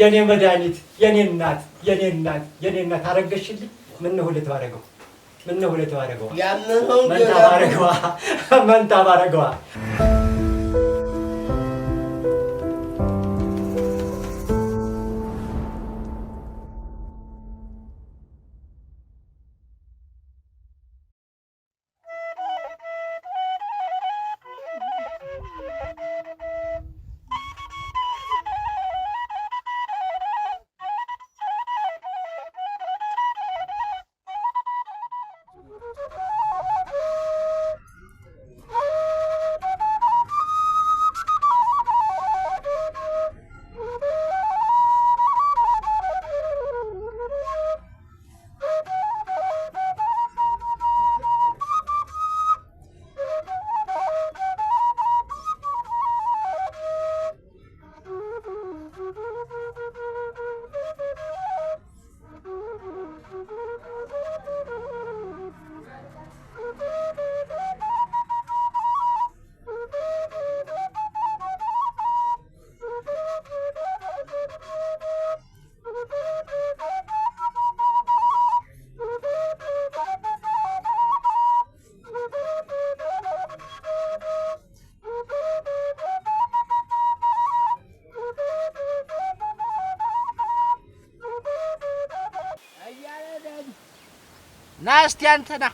የኔ መድኃኒት የኔ እናት የኔ እናት የኔ እናት አረገሽልኝ። ምን ነው ሁለት ባረገው ምን ነው ሁለት ባረገው መንታ ባረገዋ መንታ ባረገዋ እስቲ አንተና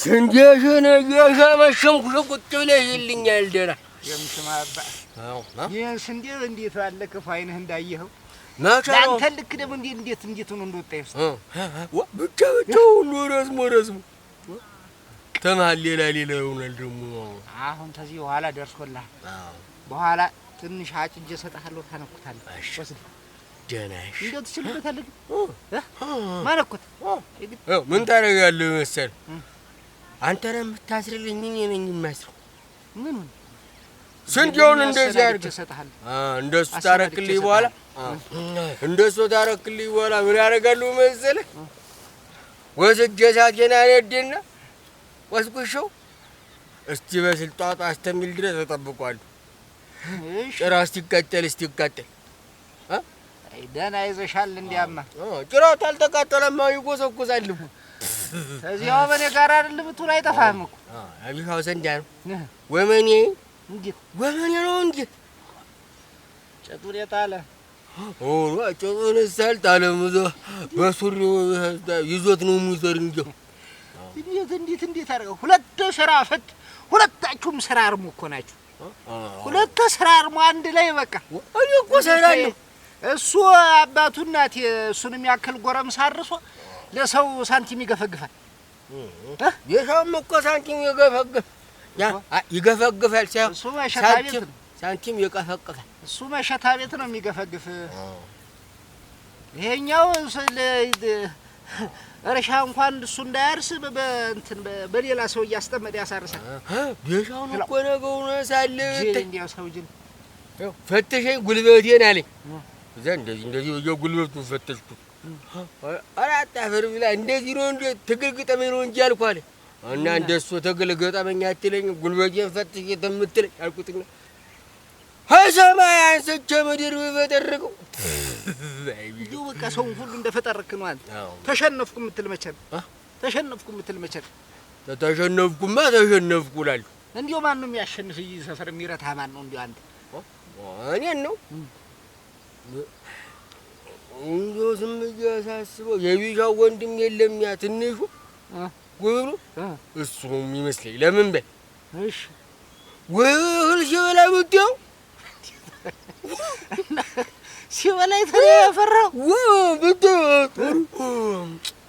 ስንዴሽን እየሸመሸምኩ ቁጭ ብለሽ ይልኛል። ደህና ይህ ስንዴ እንዴት አለ ክፉ አይነህ እንዳየኸው ለአንተ ልክ ደግሞ እንዴት እንዴት እንዴት ነው እንደወጣ ይስ ብቻ ብቻ ሁሉ ረዝሞ ረዝሞ ተመሀል ሌላ ሌላ ይሆናል። ደግሞ አሁን ተዚህ በኋላ ደርሶላ በኋላ ትንሽ አጭጄ እሰጥሃለሁ። ታነኩታለህ ወስደህ ደህና ነሽ? እንደው ትችልበታለህ። ማለኩት ምን ታደርጋለህ መሰለህ? አንተ ነህ የምታስርልኝ፣ እኔ ነኝ የማስረው። ምን ስንዴውን እንደዚህ አድርግ። እንደሱ ታረክልኝ በኋላ እንደሱ ታረክልኝ በኋላ ምን ያደርጋለሁ መሰለህ? ወስጄ እሳቴን አነድና ቆስቁሼው እስቲ በስልጣጣ እስተሚል ድረስ እጠብቀዋለሁ። ጭራ እስቲቃጠል እስቲቃጠል ደህና ይዘሻል። እንዲያማ ጭራት አልተቃጠለማ ይጎዘጉዛል። እዚያው በኔ ጋር አይደል ብትውል አይጠፋህም እኮ አልሻው ዘንዳ ነው። ወመኔ እንዴት ወመኔ ነው እንዴት ጨጡን የጣለ ጨጡን ሳል ጣለ ሙዞ በሱሪ ይዞት ነው ሙዘር እንጂ እንዴት እንዴት እንዴት አድርገው ሁለት ስራ ፈት ሁለታችሁም ስራ አርሙ እኮ ናችሁ። ሁለት ስራ አርሙ አንድ ላይ በቃ እኔ እኮ ሰራለሁ እሱ አባቱ እናቴ እሱን የሚያክል ጎረምሳ አርሶ ለሰው ሳንቲም ይገፈግፋል። የሰውም እኮ ሳንቲም ይገፈግፍ ይገፈግፋል ሳይሆን ሳንቲም ይቀፈቅፋል። እሱ መሸታ ቤት ነው የሚገፈግፍ። ይሄኛው እርሻ እንኳን እሱ እንዳያርስ በእንትን በሌላ ሰው እያስጠመደ ያሳርሳል። ቤሻውን እኮ ነገውን ሳለ ፈትሸኝ ጉልበቴን አለኝ እዛ እንደዚህ እንደዚህ የጉልበቱ ፈተሽኩት። ኧረ አታፈር ብላ እንደዚህ ነው እንደ ትግል ግጠመኝ ነው እንጂ አልኩህ አለ እና እንደሱ ትግል ገጠመኝ አትለኝም ጉልበቴን ፈትሽ የምትለኝ አልኩትና ከሰማይ አንስቼ ምድር በጠረቀው ይኸው በቃ ሰውን ሁሉ እንደፈጠርክ ነው አንተ። ተሸነፍኩ የምትል መቼ ነው? ተሸነፍኩ የምትል መቼ ነው? ተሸነፍኩማ ተሸነፍኩ እላለሁ። እንዲሁ ማን ነው የሚያሸንፍ? ሰፈር የሚረታ ማን ነው? እንዲሁ አንተ እኔን ነው እንዶ ዝም እያሳስበው የቢሻው ወንድም የለም ያ ትንሹ ጉብሩ እሱ ነው የሚመስለኝ። ለምን በል እሺ፣ ወይ ሲበላ ብትይው ሲበላ የተለየ ያፈራው ወይ ብትይው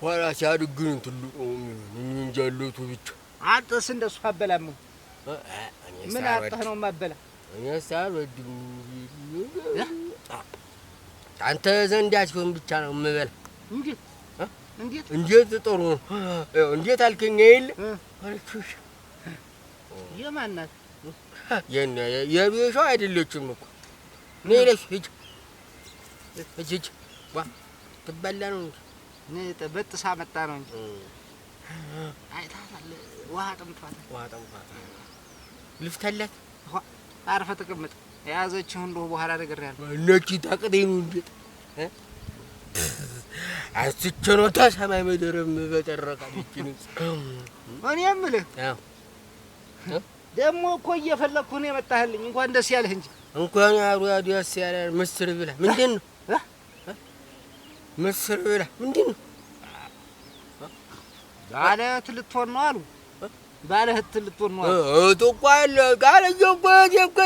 ኋላ ሲያድግ ትልቁ የሚሆን ብቻ አጥስ እንደሱ አበላም ምን አጥህ ነው ማበላ እኔ ሳልወድም አንተ ዘንዳችሁን ብቻ ነው የምበላ። እንዴት እንዴት እንዴት? ጥሩ ነው። እንዴት አልከኝ አይደል? አልኩሽ። የማናት ናት? የነ የቤቷ አይደለችም እኮ ነይ ነሽ። ሂጅ ሂጅ ሂጅ። ዋ ትበላ ነው እንጂ ነይ በጥሳ መጣ ነው እንጂ አይታታል። ውሃ ጠምቷታል። ውሃ ጠምቷታል። ልፍታላት። አረፈ ተቀመጠ የያዘችህ እንደሁ በኋላ ነገር ያለው እነቺ ታቅዴ ነው እንዴ? አስቼ ሰማይ መደረብ በጨረቃ እኔ የምልህ ደግሞ እኮ እየፈለግኩህ ነው የመጣህልኝ። እንኳን ደስ ያለህ እንጂ እንኳን አሩ ደስ ያለ ምስር ብላ ምንድን ነው ምስር ብላ ምንድን ነው ባለ ልትሆን ነው አሉ። ባለ ልትሆን ነው አሉ። ጥቋ ቃል እየቆየ እኮ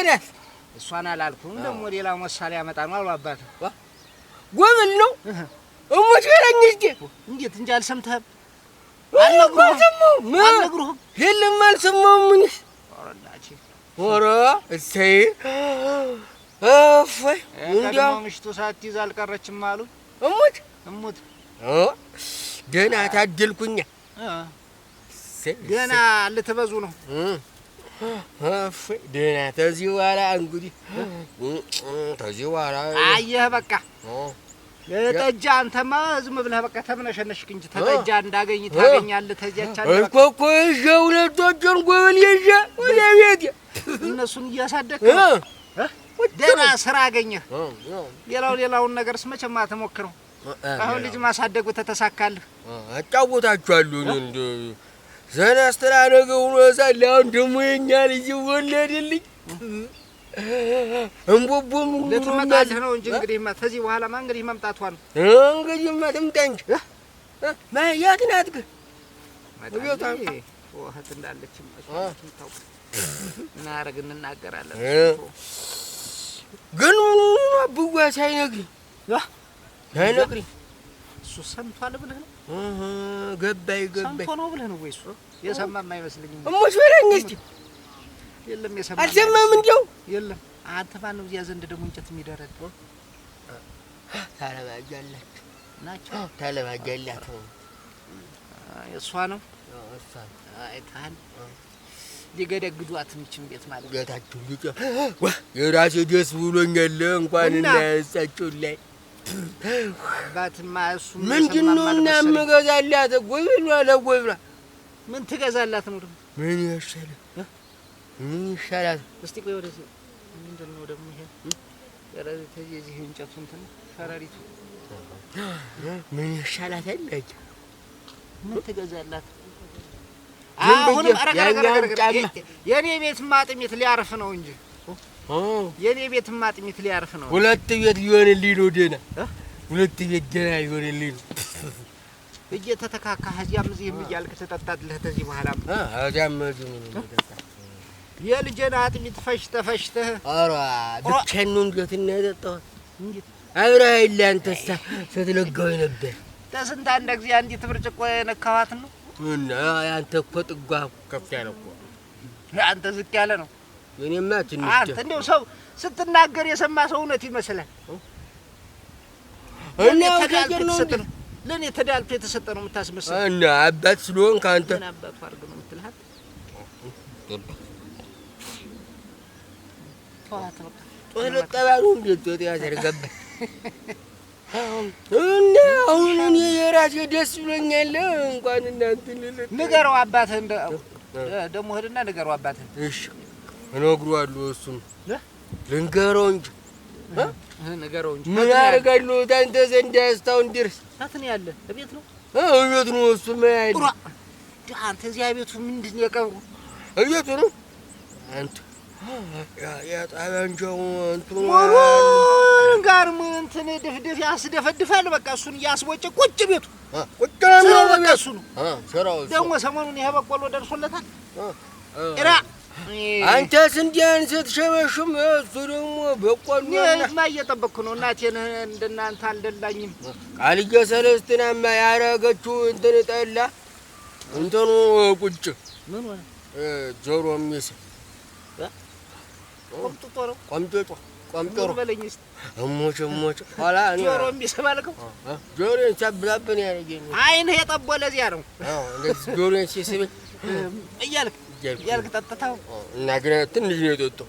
እሷን አላልኩም። ደግሞ ሌላ መሳሌ ያመጣ ነው አሉ አባት ጎብል ነው እሙት ገረኝ እስኪ። እንዴት እንጂ አልሰምተህም? አልነግሩህም አልነግሩህም። የለም አልሰማሁም። ምን ኧረ እሰይ እፎይ። እንዲያው ምሽቱ ሳትይዝ አልቀረችም አሉ እሙት እሙት። ደህና ታደልኩኛ። ገና ልትበዙ ነው ደህና ተዚህ በኋላ እንግዲህ ተዚህ በኋላ አየህ፣ በቃ ጠጃ አንተማ ዝም ብለህ በቃ ተምነሸነሽክ እንጂ ተጠጃ እንዳገኝ ታገኛለህ። ተዚያቻ እኮ እኮ ይዤ ሁለት ወጭን ጎበል ይዤ ወደ ቤት እነሱን እያሳደግ ደህና ስራ አገኘህ። ሌላው ሌላውን ነገር ስመቸማ ተሞክረው አሁን ልጅ ማሳደጉ ተተሳካልህ። አጫውታችኋለሁ እንደ ዘና አስተዳደገ ሆኖ ሳለ አሁን ደግሞ የኛ ልጅ እንቦቦም ልትመጣልህ ነው እንጂ እንግዲህማ ከዚህ በኋላማ እንግዲህ መምጣቷ ነው። እንግዲህማ ትምጣ እንጂ የት ናት ግን? እህት እንዳለች ምን እንናገራለን። ግን ብዋ እሱ ሰምቷል ብለህ ነው ገባይ ገባይ ነው ብለህ ነው የሰማም አይመስልኝም። በለኝ እስቲ። የለም የሰማ አልሰማም። እንዲያው የለም አንተ እዚያ ዘንድ ደግሞ እንጨት ታለባጃላችሁ ናቸው ታለባጃላችሁ። እሷ ነው አይታን ሊገደግዷት ቤት ማለት ጌታችሁ የራሴ ደስ ብሎኛል። እንኳን እናያሳችሁ ላይ ምንድን ነው እና የምገዛላት? ጎይ ብሏ ምን ትገዛላት ነው ደግሞ? ምን ይሻላል? ምን ይሻላል? እስቲ ቆይ ወደዚህ ምንድን ነው ደግሞ ይሄ ከረሪት የዚህ እንጨቱ እንትን ከረሪቱ ምን ይሻላት? አይላጭ ምን ትገዛላት? አሁንም አረጋ አረጋ ቤት ማጥሜት ሊያርፍ ነው እንጂ የኔ ቤት ማጥሚት ሊያርፍ ነው። ሁለት ቤት ሊሆንልኝ ነው። ደህና ሁለት ቤት ሊሆንልኝ ነው። እየተተካካ እዚያም እዚህም እያልክ ትጠጣለህ። ተዚህ በኋላ እዚያም የልጄን አጥሚት ፈሽተ ፈሽተህ ብቻዬን ነው እንጆትና ነበር። ጊዜ አንዲት ብርጭቆ የነካኋት ነው። እና ያንተ እኮ ጥጓ ከፍ ያለ እኮ ያንተ ዝቅ ያለ ነው። የኔማ ትንሽ አንተ እንደው ሰው ስትናገር የሰማ ሰው እውነት ይመስላል። እኔ ተዳልኩ ተሰጠን ለኔ ተዳልኩ የተሰጠ ነው የምታስመስል እና አባት ስለሆንክ አንተ አባቱ አድርግ ነው የምትልሃት። ጦለት ጠባሉ እንዴት ጦጥ ያዘርገበ እና አሁን እኔ የራሴ ደስ ብሎኛል። እንኳን እናንተ ንገረው አባትህ ደግሞ ሂድና ንገረው አባትህ እሺ እነግሯለሁ። እሱን ልንገረው እንጂ ምን አደርጋለሁ? አንተ ዘንድ ያስታውን ድረስ እንትን ያለ እቤት ነው እቤት ነው። እሱማ ያለ አንተ እዚያ ቤቱ ምንድን ነው የቀብሩ እቤቱ ነው አንተ ያጣቢያንጃው ሙሉን ጋር እንትን ድፍድፍ ያስደፈድፋል። በቃ እሱን እያስቦጨ ቁጭ ቤቱ ቁጭ ነው። በቃ እሱ ነው ደግሞ ሰሞኑን ይሄ በቆሎ ደርሶለታል ራ አንተ ስንዴን ስትሸበሽም እሱ ደግሞ በቆሎ ማ እየጠበቅኩ ነው። እናቴን እንደናንተ አልደላኝም። ቃልየ ሰለስትናማ ያረገችው እንትን ጠላ እንትኑ ቁጭ ጆሮ ሚስ ቆምጥጦ ነው ቆምጥጦ ቆምጥሮ እሞች እሞች ኋላ ጆሮ ሚስ ባልከው ጆሮን ሲያብላብን ያደርገኝ አይንህ የጠቦ ለዚያ ነው ጆሮን ሲስብ እያልክ እያልክ ጠጥተኸው እና ግን ትንሽ ነው የጠጣሁ።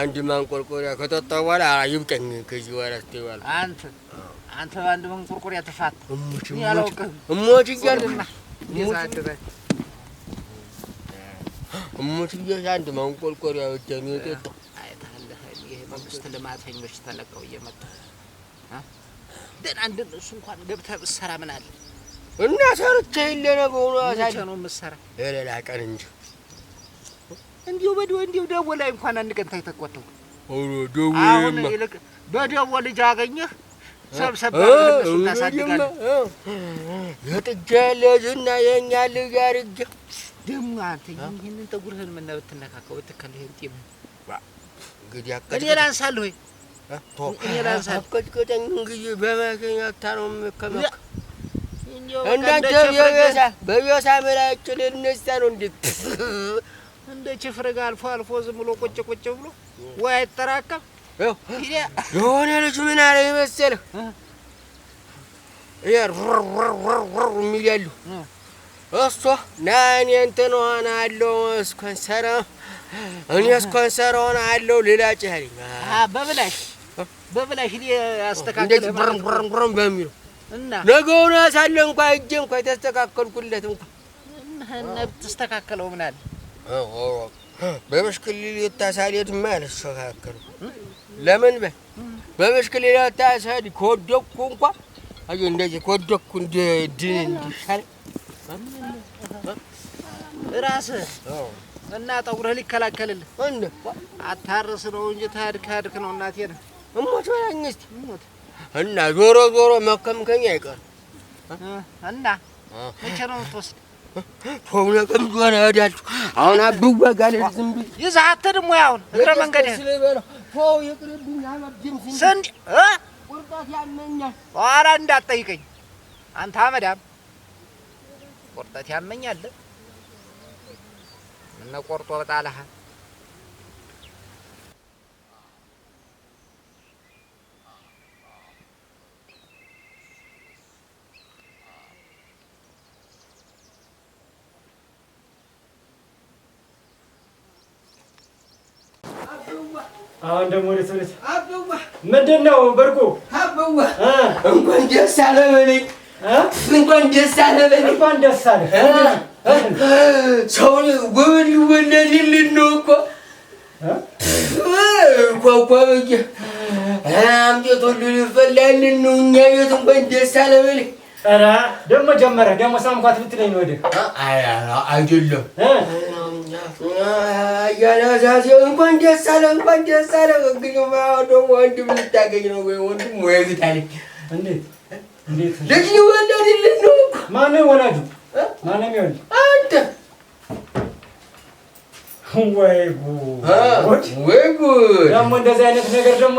አንድ ማንቆርቆሪያ ከጠጣ በኋላ ይብቀኝ ከዚህ በኋላ ስትይዋል አንተ አንተ በአንድ ማንቆርቆሪያ ተፋት እሞች እያልኩ እሞች እያልኩ አንድ ማንቆርቆሪያ ብቻ ነው የጠጣሁ። መንግስት ልማተኞች ተለቀው እየመጡ ደህና እንደ እሱ እንኳን ገብተህ ብትሰራ ምን አለ እና ሰርቼ የለ ነገሩ ነው የምትሰራ የሌላ ቀን እንጂ እንዲሁ በዲሁ እንዲሁ ደቦ ላይ እንኳን አንድ ቀን ታይተቆተው አሁን ይልቅ በደቦ ልጅ አገኘህ ታሳድጋለ የጥጃ ልጅና የእኛ ልጅ አርጌ ደግሞ አንተ ይህንን ጠጉርህን ምነው ብትነካከው ብትከል ይህን ጢም እኔ ላንሳለሁ ወይ እኔ ላንሳለሁ ቀጭቀጠኝ እንግዲህ በመኪናታ ነው የምከመክ እንዳንተ በቢሳ በቢሳ ምላጭ ልንሳ ነው እንዴ እንደ ችፍርግ አልፎ አልፎ ዝም ብሎ ቁጭ ቁጭ ብሎ ወይ አይጠራቀም። የሆነ ልጅ ምን አለ ይመስል ሩር የሚል ያሉ እሷ ናኔ እንትን ሆነ አለው ስኮንሰረ እኔ ስኮንሰረ ሆነ አለው ሌላ ጭህ አለኝ በብላሽ በብላሽ አስተካከለ በሚለው እና ነገውን አሳለ እንኳ እጄ እንኳ የተስተካከልኩለት እንኳ እና ብትስተካከለው ምን አለ በብሽክሌት ታሳዴድማ አልተስተካከልም። ለምን በ ከወደኩ እንኳ አዩ እንደዚህ ከወደኩ እንደ ድን እንዲሻል እና ጠጉረህ ሊከላከልልህ አታርስ ነው እንጂ ታድክ አድክ ነው። እናቴ ነው እሞት በላኝ እስኪ እና ዞሮ ዞሮ መከምከኝ እና መቼ ነው የምትወስድ? ሆነ ቅምጆን እሄዳችሁ አሁን አብዋጋል ዝም ብዬ ይዘህ አትሄድም ወይ? እግረ መንገድ ስንዴ ቁርጠት ያመኛል። ኧረ እንዳትጠይቀኝ አንተ አመዳም ቁርጠት ያመኛል። ምነው ቆርጦ በጣልሀ አሁን ደግሞ ወደ ሰለስ አበዋ ምንድን ነው በርቁ አበዋ እንኳን ደስ አለ በለኝ። እንኳን ደስ አለ በለኝ። እንኳን ደስ አለ ነው እኮ ኳኳ አምጤቶ ልፈላልን ነው እኛ ቤት እንኳን ደስ አለ በለኝ ኧረ ደግሞ ጀመረ ደግሞ ሳምኳት ብትለኝ ነው አይደለም እንኳን ደስ አለ እንኳን ደስ አለ። እንግዲህ ደግሞ ወንድም ልታገኝ ነው ወይ ወንድም ወይግት አለ። ልጅ ወላድ የለን ነው ማነው ወላጁ? ማነው ይወል አንተ ወይ ጉድ ወይ ጉድ ደግሞ እንደዚህ አይነት ነገር ደግሞ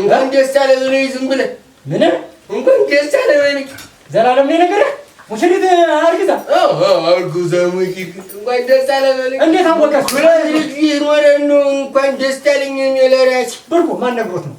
እንኳን ደስ ያለ ብለህ ዝም ብለህ ምንም እንኳን ደስ ያለ በለኝ። ዘላለም ነው የነገረህ ሙሽሪት አርግዛ አርጉዛ እንኳን ደስ ያለ በለኝ። እንዴት አወቀህ? ሁለት ልጅ ኖረን ነው እንኳን ደስ ያለኝ የሚለው ራሴ ብርቁ ማን ነግሮት ነው?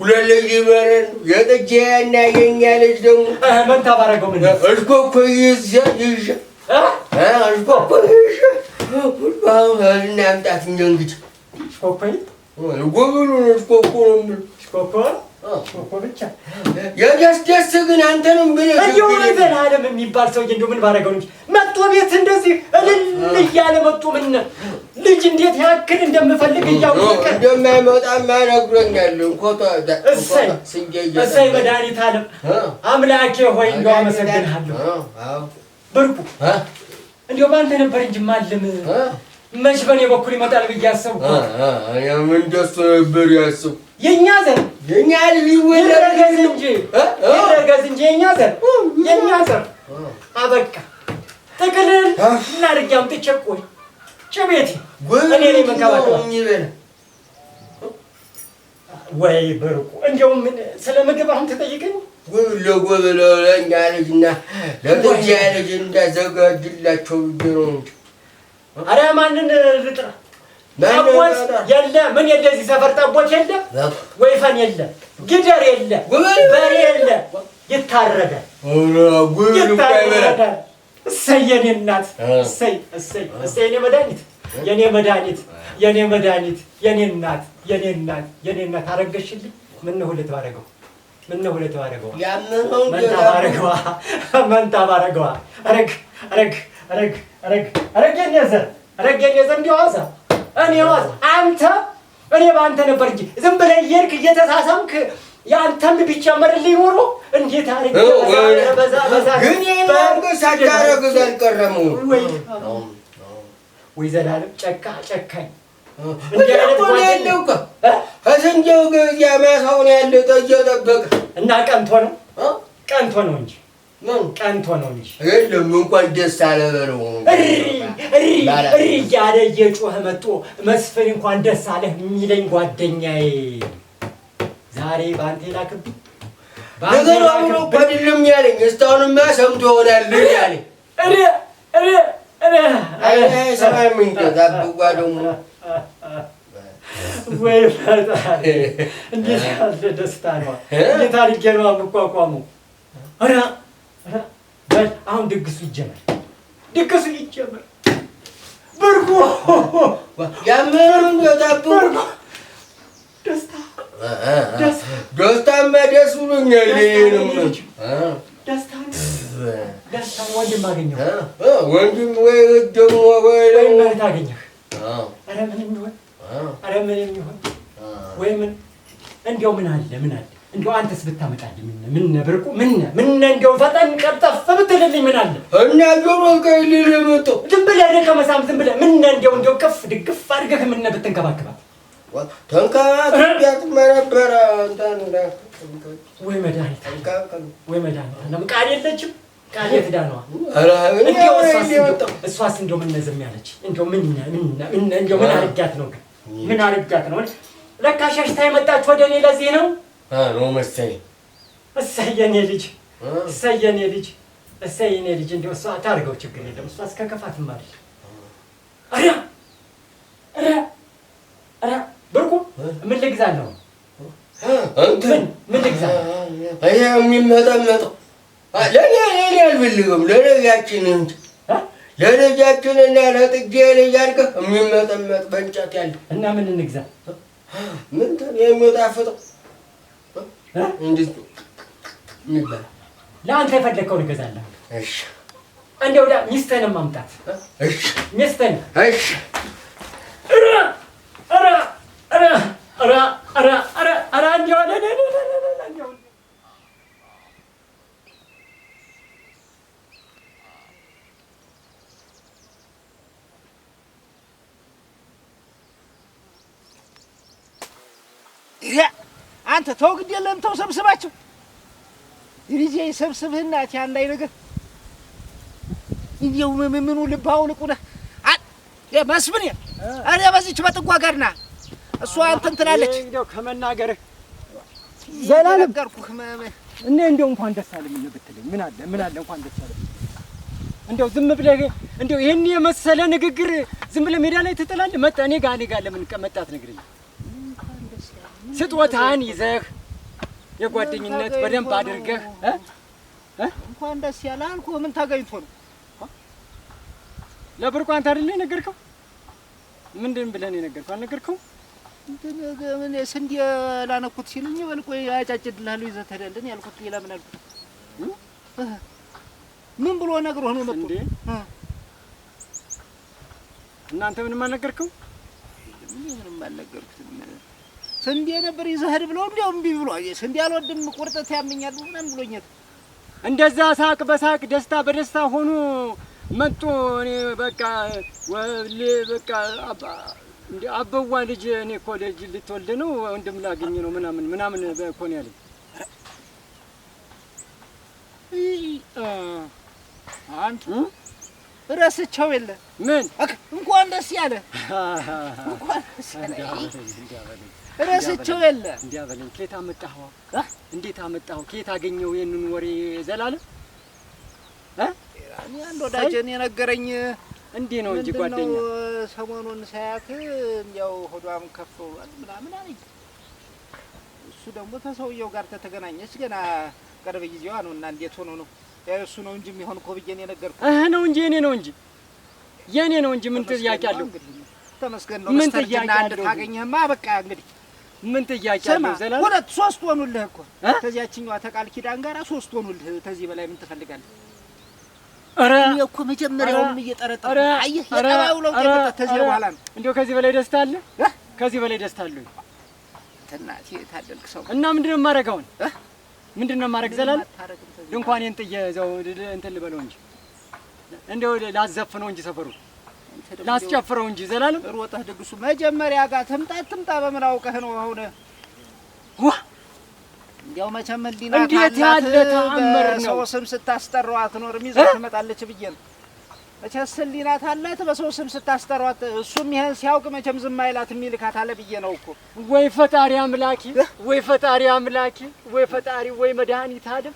Ulelecilerin ya da cehennemin geliştim. Hemen tabara komünü. Aşko koyuyuz ya yüzü. Ha? Ha aşko koyuyuz ya. Kurban verin hem de git. Aşko koyuyuz? Aşko koyuyuz. Aşko koyuyuz. Aşko koyuyuz. ብቻ ግን አንተንም ግን እንደው አለም የሚባል ሰው እንደው ምን ባደረገው እንጂ መጥቶ ቤት እንደዚህ እልል እያለ መጥቶ ምን ልጅ እንዴት ያክል እንደምፈልግ እያወቀ እንደማይመጣ ማነግሮኛል እኮ እሰይ መድኃኒት አለም አምላኬ ሆይ እንደው አመሰግንሃለሁ። ብርቁ እንደው በአንተ ነበር እንጂ ማለም መች በኔ በኩል ይመጣል ብዬ አሰብኩ። እኔም ነበር ያሰብኩ የኛ ዘር የኛ ሊወለድ እንጂ ይረገዝ እንጂ የኛ ዘር የኛ ዘር አበቃ። ጥቅልል እናድርጊ አምጥቼ ቆይ ጭቤት እኔ ላይ መንከባከባ ወይ በርቁ እንደው ስለ ምግብ አሁን ተጠይቀኝ ለጎበለ ለእኛ ልጅና ለእኛ ልጅ እንዳዘጋጅላቸው ነው እንጂ ማንን ልጥራ ጠቦት የለ ምን የለዚህ ሰፈር ጠቦት የለ፣ ወይፈን የለ፣ ግደር የለ፣ በሬ የለ። ይታረዳል ይታረዳል። እሰይ የኔ እናት እሰይ እሰይ እሰይ የኔ መድኃኒት የኔ መድኃኒት የኔ መድኃኒት የኔ እናት የኔ እናት የኔ እናት አረገሽልኝ። ምነው ሁለት ምነው ሁለት መንታ ባረገዋ መንታ ባረገዋ። ረግ ረግ ረግ ረግ ረግ የኔ ዘር ረግ የኔ ዘር እንዲያዋዛ እኔ ወዝ አንተ እኔ በአንተ ነበር እንጂ ዝም ብለህ እየሄድክ እየተሳሳምክ የአንተም ቢጨመርልኝ ኖሮ እንዴት አድርግ ግን ሳታረግዝ አልቀረሙ ወይ ዘላለም ጨካ ጨካኝ ያለው ከስንጀው ጊዜ ማሳውን ያለ ጠየጠበቅ እና ቀንቶ ነው ቀንቶ ነው እንጂ ምን ቀንቶ ነው ልጅ የለም እንኳን ደስ አለ በለው እያለ እየጮኸ መጥቶ መስፍን እንኳን ደስ አለህ የሚለኝ ጓደኛዬ ዛሬ በአንተ የላክብኝ ነገር አሁኑ በድልም ያለኝ እስካሁንማ ሰምቶ ይሆናል ያለኝ ሰማይ ምንገዛብጓ ደግሞ ወይ ፈጣሪ እንዴት ያለ ደስታ ነው! እንዴት አድርጌ ነው የምቋቋመው? በል አሁን ድግሱ ይጀመር፣ ድግሱ ይጀመር። ብርቁ ያምርን ዳቦ ደስታ ብሎኛል። ደስታ ወንድም ወይ ደግሞ ወይ አገኘህ። ኧረ ምንም ኧረ ምንም ወይ ምን እንዲያው ምን አለ ምን አለ እንዲሁ አንተስ ብታመጣልኝ ምነው ምነው ብርቁ ምነው ምነው እንዲሁ ፈጠን ቀርጠፍ ብትልልኝ ምን አለ እና ጆሮ ከሌለ መጣ ዝም ብለህ ደቀ መሳም ዝም ብለህ ምነው እንዲሁ እንዲሁ ቅፍ ድግፍ አድርገህ ምነው ብትንከባከባት ተንከባክቢያት ነበረ እንትን ወይ መድኃኒት ወይ መድኃኒት አለም ቃል የለችም ቃል የትዳ እሷስ እንዲሁ ምነው ዝም ያለች እንዲሁ ምነው ምነው ምነው ምን አድርጊያት ነው ምን አድርጊያት ነው ለካ ሸሽታ የመጣች ወደ እኔ ለዚህ ነው ነው መሰለኝ። እሰይ የኔ ልጅ፣ እሰይ የኔ ልጅ፣ እሰይ የኔ ልጅ። እንደው እሷ ታድርገው፣ ችግር የለም እሷ እስከ ከፋትም አይደል። ኧረ ኧረ ኧረ ብርቁ ምን ልግዛል ነው? ምን ምን ልግዛል? ይሄ የሚመጠመጠው ለእኔ ለእኔ አልፈልግም ለነጋችን እንጂ ለልጃችን እና ለጥጌ ልጅ አድርገህ የሚመጠመጥ በእንጨት ያለ እና ምን እንግዛ? ምን የሚጣፍጠው እንዴት የሚባል ለአንተ የፈለግከውን እገዛለሁ። እሺ እንደው ሚስትህን ማምጣት እሺ፣ ሚስትህን እሺ። Yeah. አንተ ተው፣ ግድ የለም ተው፣ ሰብስባቸው ልጄ፣ ሰብስብህና ያን ላይ ነገር እንዲው ምምኑ ልባው አውልቁ ነህ መስፍን። እኔ በዚች በጥጓ ጋር ና እሱ አንተ እንትናለች እንዲያው ከመናገር ዘላለም እኔ እንዲያው እንኳን ደስ አለኝ ብትለኝ ምን አለ ምን አለ እንኳን ደስ አለኝ። እንዲያው ዝም ብለህ እንዲያው ይሄን የመሰለ ንግግር ዝም ብለህ ሜዳ ላይ ትጥላለህ። መጣ እኔ ጋር እኔ ጋር ለምን መጣት ነግረኝ ስጦታን ይዘህ የጓደኝነት በደንብ አድርገህ እንኳን ደስ ያለ አልኩ። ምን ታገኝቶ ነው ለብርቁ? አንተ አይደለ የነገርከው? ምንድን ብለህ የነገርከው? አልነገርከው? ምን ስንዴ ላነኩት ሲልኝ በል ቆይ ይዘህ ትሄዳለህ ያልኩት ሌላ ምን አልኩት? ምን ብሎ ነግሮህ ነው መጥቶ? እናንተ ምንም አልነገርከው? ምንም አልነገርኩትም። ስንዴ ነበር ይዘህድ ብሎ እንዲያው እምቢ ብሎ ስንዴ አልወድም ቁርጠት ያመኛል ምናምን ብሎኛል። እንደዛ ሳቅ በሳቅ ደስታ በደስታ ሆኖ መጡ። እኔ በቃ ወል በቃ አባ አበዋ ልጅ እኔ እኮ ልጅ ልትወልድ ነው ወንድም ላገኝ ነው ምናምን ምናምን እኮ ነው ያለኝ። አንተ እረስቸው የለ ምን እንኳን ደስ ያለ እንኳን ደስ ያለ እረስቸው የለ እንዲያ በለኝ። ከየት አመጣኸው? እንዴት አመጣኸው? ከየት አገኘው ይህንን ወሬ ዘላለም? እኔ አንድ ወዳጄን የነገረኝ እንዲህ ነው እንጂ ጓደኛ ሰሞኑን ሳያት እንዲያው ሆዷም ከፍ ብሏል ምናምን አለኝ። እሱ ደግሞ ከሰውየው ጋር ተገናኘች ገና ቅርብ ጊዜዋ ነው እና እንዴት ሆኖ ነው እሱ ነው እንጂ የሚሆን እኮ ብዬሽ ነው የነገርኩህ። እህ ነው እንጂ የኔ ነው እንጂ የኔ ነው እንጂ ምን ጥያቄ አለው? ተመስገን ነው። ምን ጥያቄ አለው? ታገኘህማ በቃ እንግዲህ ምን ጥያቄ አለው? ዘላለም ሁለት ሶስት ሆኑልህ እኮ ከዚያችኛዋ ተቃል ኪዳን ጋራ ሶስት ሆኑልህ። ከዚህ በላይ ምን ትፈልጋለህ? ኧረ እኔ እኮ መጀመሪያውም እየጠረጠረ አየህ፣ የጠባዩ ለውጥ የመጣ ከዚህ በኋላ ነው። እንደው ከዚህ በላይ ደስታ አለ? ከዚህ በላይ ደስታ አለ? እንትና የታደልክ ሰው እና ምንድነው ነው ምንድነው ምንድን ነው የማደርግ? ዘላለም ድንኳኔን ጥዬ እዛው እንትን ልበለው እንጂ እንደው ላዘፍነው እንጂ ሰፈሩን ላስጨፍረው እንጂ ዘላለም ሮጠህ ድግሱ መጀመሪያ ጋር ትምጣ ትምጣ በምን አውቀህ ነው አሁን? እንዲያው መቼም እንዴት ያለ ተአምር ነው። ሰው ስም ስታስጠራው አትኖርም ይዘህ ትመጣለች ብዬ ነው። መቼስ በሰው ስም ስታስጠሯት፣ እሱም ይሄን ሲያውቅ መቼም ዝም አይላት የሚልካት አለ ብዬ ነው እኮ። ወይ ፈጣሪ አምላኪ፣ ወይ ፈጣሪ አምላኪ፣ ወይ ፈጣሪ፣ ወይ መድኃኒት አለም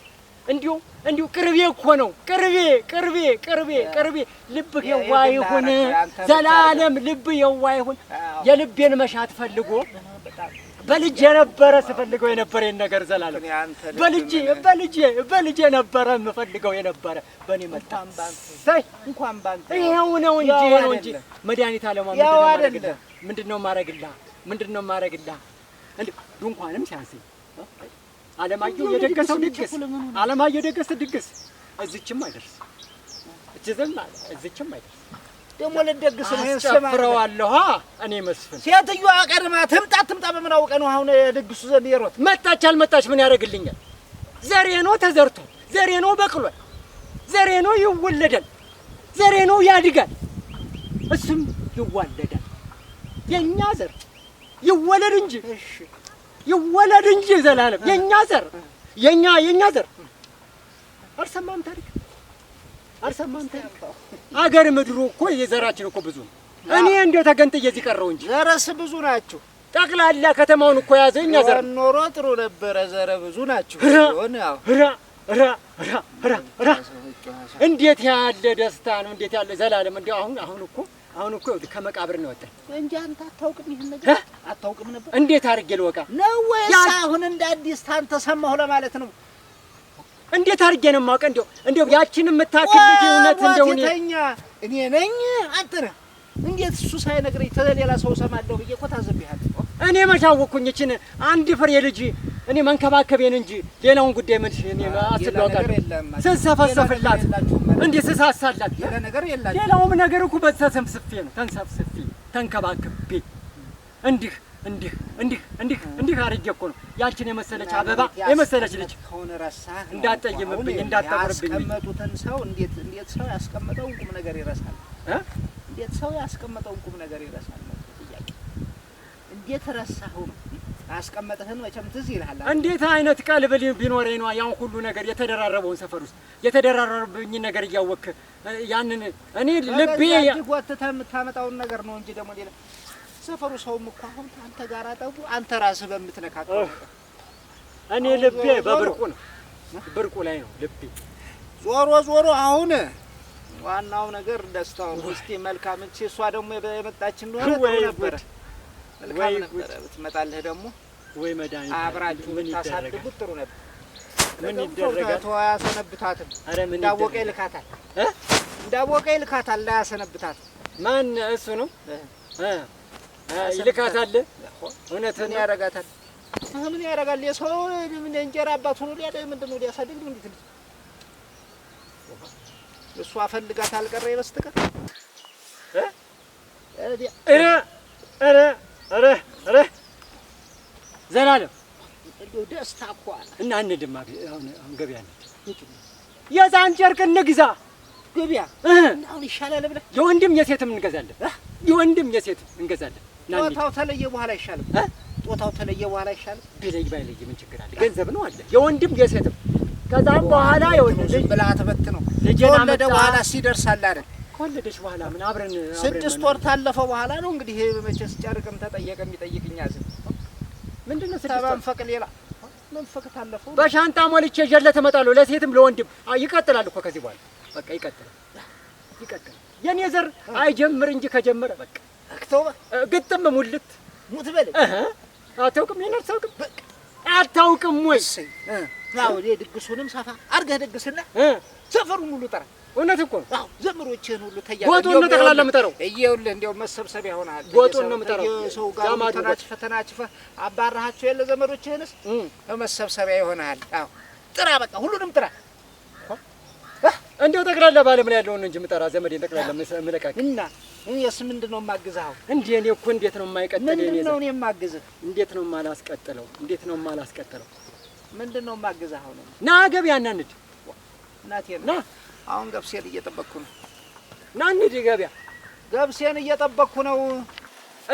እንዲሁ እንዲሁ ቅርቤ እኮ ነው። ቅርቤ ቅርቤ ቅርቤ ቅርቤ። ልብ የዋ ይሁን ዘላለም፣ ልብ የዋ ይሁን። የልቤን መሻት ፈልጎ በልጅ የነበረ ስፈልገው የነበረ ነገር ዘላለም በልጅ በልጅ በልጅ የነበረ የምፈልገው የነበረ በእኔ መጣ። ሳይ እንኳን ባንተ ይሄው ነው እንጂ ነው እንጂ መድኃኒት አለማ ምንድን ነው ማረግላ? ምንድን ነው ማረግላ? እንዴ ድንኳንም ሲያንስኝ አለማየሁ የደገሰው ድግስ አለማየሁ የደገሰ ድግስ እዚችም አይደርስ እዚህም እዚችም አይደርስ። ደግሞ ልደግስ አስጨፍረዋለሁ። እኔ መስፍን ሴትዮዋ ቀድማ ትምጣ ትምጣ በምን አውቀ ነው አሁን የድግሱ ዘንድ የሮት? መጣች አልመጣች ምን ያደርግልኛል? ዘሬ ነው ተዘርቶ፣ ዘሬ ነው በቅሏል፣ ዘሬ ነው ይወለዳል፣ ዘሬ ነው ያድጋል፣ እሱም ይዋለዳል። የእኛ ዘር ይወለድ እንጂ ይወለድ እንጂ ዘላለም የኛ ዘር የኛ የኛ ዘር አልሰማም ታሪክ አልሰማም ታሪክ። አገር ምድሩ እኮ የዘራችን እኮ ብዙ ነው። እኔ እንደው ተገንጥዬ እዚህ ቀረው እንጂ ዘረስ ብዙ ናችሁ። ጠቅላላ ከተማውን እኮ የያዘ እኛ ዘር ኖሮ ጥሩ ነበረ። ዘረ ብዙ ናችሁ። እንዴት ያለ ደስታ ነው! እንዴት ያለ ዘላለም! እንደው አሁን አሁን እኮ አሁን እኮ ይኸውልህ ከመቃብር ነው ወጣ እንጂ አንተ አታውቅም፣ ይሄን ነገር አታውቅም ነበር። እንዴት አድርጌ ልወቃ ነው ወይስ አሁን እንደ አዲስ ታንተ ሰማሁ ለማለት ነው? እንዴት አድርጌ ነው የማውቀ? እንደው እንደው ያቺን የምታክል ልጅ እውነት እንደው እኔ ነኝ አንተ ነህ። እንዴት እሱ ሳይነግረኝ ተሌላ ሰው ሰማለሁ ብዬ እኮ ታዘብያለሁ። እኔ መቻወኩኝ። ይችን አንድ ፍሬ ልጅ እኔ መንከባከቤን እንጂ ሌላውን ጉዳይ ምን እኔ አስለዋቃለሁ። ስንሰፈሰፍላት እንዴ ስሳሳላት ሌላውም ነገር እኮ በተሰንፍስፌ ነው ተንሰፍስፌ ተንከባክቤ እንዲህ እንዲህ እንዲህ እንዲህ እንዲህ አድርጌ እኮ ነው ያችን የመሰለች አበባ የመሰለች ልጅ እንዳጠይምብኝ እንዳጠቁርብኝ። ያስቀመጡትን ሰው እንዴት እንዴት ሰው ያስቀመጠውን ቁም ነገር ይረሳል? እንዴት ሰው ያስቀመጠውን ቁም ነገር ይረሳል? ጥያቄ እንዴት ረሳሁ ነው አስቀመጥህን መቼም ትዝ ይልሃል። እንዴት አይነት ቀልብ ቢኖረኝ ነው ያን ሁሉ ነገር የተደራረበውን ሰፈር ውስጥ የተደራረበብኝን ነገር እያወክ ያንን እኔ ልቤ ጎትተህ የምታመጣውን ነገር ነው እንጂ ደግሞ ሌላ ሰፈሩ ሰውም እኮ አሁን አንተ ጋር ጠቡ አንተ ራስህ በምትነካከው እኔ ልቤ በብርቁ ነው ብርቁ ላይ ነው ልቤ። ዞሮ ዞሮ አሁን ዋናው ነገር ደስታው እስቲ መልካም እሷ ደግሞ የመጣች እንደሆነ ነበረ መልካም ነበረ። ብትመጣልህ ደግሞ ወይ መድኃኒት አብራችሁ ብታሳድጉት ጥሩ ነበር። ምን ይደረጋል? አያሰነብታትም። እንዳወቀ ይልካታል፣ እንዳወቀ ይልካታል። አያሰነብታትም። ማን እሱ ነው ይልካታል። እውነትህን ያደርጋታል። ምን ያደርጋል? የሰው እንጀራ አባት ሆኖ ሊያ ምንድን ነው ሊያሳድግ ነው? እንዴት እሱ አፈልጋት አልቀረ ይበስትቀር ኧረ ኧረ ኧረ ኧረ ዘላለም እንደው ደስታ እኮ አለ እና እንድማ ገበያ እንሂድ። የዛን ጨርቅ እንግዛ ገበያ እና አሁን ይሻላል ብለህ የወንድም የሴትም እንገዛለን። የወንድም የሴትም እንገዛለን። ጦታው ተለየ በኋላ አይሻልም? ጦታው ተለየ በኋላ አይሻልም? ቢለይ ባይለይ ምን ችግር አለ? ገንዘብ ነው አለ። የወንድም የሴትም ከዛም በኋላ የወንድ ልጅ ብላ ተበት ነው ልጅ ወለደ በኋላ ሲደርሳል አይደል ከወለደች በኋላ ምን አብረን ስድስት ወር ታለፈ በኋላ ነው እንግዲህ መቼስ ጨርቅም ተጠየቀ የሚጠይቅኛ ዝ ምንድን ነው ተባንፈቅ ሌላ መንፈቅ ታለፈው በሻንጣ ሞልቼ ጀለ ተመጣለሁ ለሴትም ለወንድም ይቀጥላል እኮ ከዚህ በኋላ በቃ ይቀጥላል ይቀጥላል የኔ ዘር አይጀምር እንጂ ከጀመረ በቃ አክቶባ ግጥም ሙልት ሙት በል አታውቅም ይሄን አታውቅም በቃ አታውቅም ወይስ አዎ ድግሱንም ሰፋ አድርገህ ደግስና ሰፈሩን ሙሉ ጠራ እውነት እኮ ነው። ዘመዶችህን ሁሉ ጎጡን ነው ጠቅላላ የምጠራው። ይኸውልህ እንደው መሰብሰቢያ ሆነሃል። ጎጡን ነው የምጠራው። ሰው ጋር ተናጭፈህ ተናጭፈህ አባራሃቸው የለ ዘመዶችህንስ መሰብሰቢያ ይሆናል። አዎ ጥራ፣ በቃ ሁሉንም ጥራ። እንደው ጠቅላላ ባለም ላይ ያለውን እንጂ የምጠራ ዘመዴን ጠቅላላ የምለቃቅህ እና እኔስ ምንድን ነው የማግዝህ? አሁን እኔ እኮ እንዴት ነው የማይቀጥለው? ምንድን ነው እኔ የማግዝህ? እንዴት ነው የማላስቀጥለው? እንዴት ነው የማላስቀጥለው? ምንድን ነው የማግዝህ? አሁን ና ገበያ እናንድ እናቴ ና አሁን ገብሴን እየጠበቅኩ ነው። ና እንሂድ ገበያ። ገብሴን እየጠበቅኩ ነው።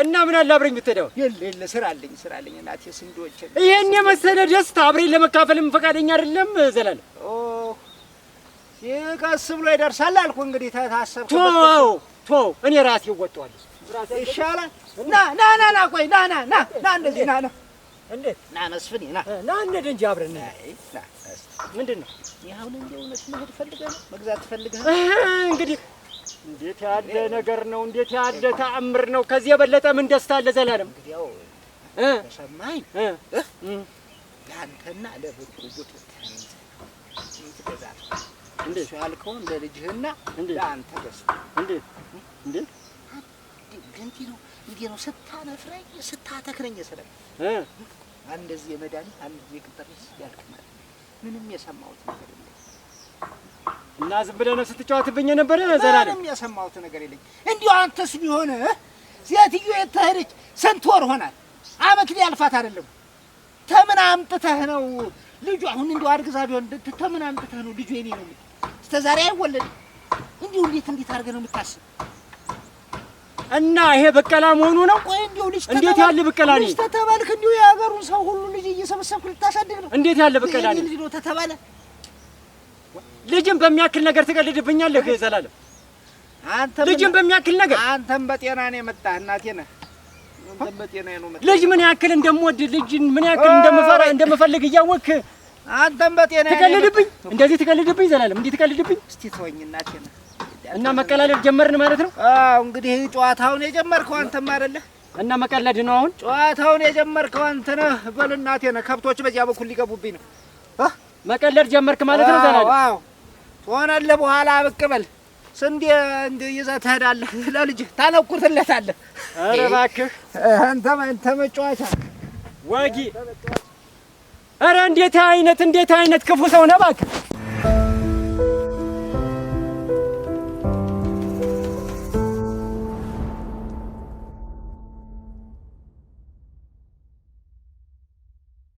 እና ምን አለ አብረኝ ብትሄደው? የለ የለ፣ ስራ አለኝ ስራ አለኝ እናቴ። ስንዶች ይሄን የመሰለ ደስታ አብረኝ ለመካፈልም ፈቃደኛ አይደለም ዘላለ። ኦ ቀስ ብሎ ይደርሳል አልኩ። እንግዲህ ታሰብኩ። ቶ ቶ እኔ ራሴ እወጣዋለሁ ይሻላል። ና ና ና ና፣ ቆይ ና ና ና ና፣ እንደዚህ ና ና፣ እንዴ ና መስፍኔ፣ ና ና እንደ እንጂ አብረን። ምንድን ነው አሁን እንደው እውነት መሄድ ፈልገህ ነው መግዛት ነው? እንግዲህ እንዴት ያለ ነገር ነው! እንዴት ያለ ተአምር ነው! ከዚህ የበለጠ ምን ደስታ አለ? ዘላለም እንግዲያው ተሰማኝ ለአንተና ያልከውን ለልጅህና ለአንተ ነው ነው ስታነፍረኝ ስታተክረኝ የመድኃኒት አንድ ምንም የሰማሁት ነገር የለኝ። እና ዝም ብለህ ነው ስትጫወትብኝ የነበረ ዘራ ምንም የሰማሁት ነገር የለኝ። እንዲሁ አንተስ ቢሆን ሴትዮ የተሄደች ስንት ወር ሆናል? አመት ሊያልፋት አይደለም። ተምን አምጥተህ ነው ልጁ አሁን እንዲሁ አርግዛ ቢሆን ተምን አምጥተህ ነው ልጁ የኔ ነው እስከ ዛሬ አይወለድም። እንዲሁ እንዴት እንዴት አድርገህ ነው የምታስብ? እና ይሄ በቀላ መሆኑ ነው። ቆይ እንዲሁ ልጅ እንዴት ያለ በቀላ ነው ተተባልክ? እንዲሁ የሀገሩን ሰው ሁሉ ልጅ እየሰበሰብክ ልታሳድግ ነው? እንዴት ያለ በቀላ ነው ልጅ ነው ተተባለ። ልጅም በሚያክል ነገር ትቀልድብኛለህ ዘላለም። አንተ ልጅም በሚያክል ነገር አንተም በጤና ነው የመጣህ እናቴ ነህ። ልጅ ምን ያክል እንደምወድ ልጅ ምን ያክል እንደምፈራ እንደምፈልግ እያወቅህ አንተም በጤና ትቀልድብኝ። እንደዚህ ትቀልድብኝ ዘላለም፣ እንዲህ ትቀልድብኝ። እስቲ ተወኝ እናቴ ነህ እና መቀላለድ ጀመርን ማለት ነው። አዎ እንግዲህ ጨዋታውን የጀመርከው አንተም አይደለ? እና መቀለድ ነው አሁን። ጨዋታውን የጀመርከው አንተ ነህ። በል እናቴ ነህ። ከብቶች በዚያ በኩል ሊገቡብኝ ነው። መቀለድ ጀመርክ ማለት ነው። ዘናል አዎ፣ ትሆናለህ። በኋላ ብቅ በል። ስንዴ ይዘህ ትሄዳለህ። ለልጅህ ታነቁርትለታለህ። ኧረ እባክህ አንተ አንተ መጫወቻ ወጊ። ኧረ እንዴት አይነት እንዴት አይነት ክፉ ሰው ነህ እባክህ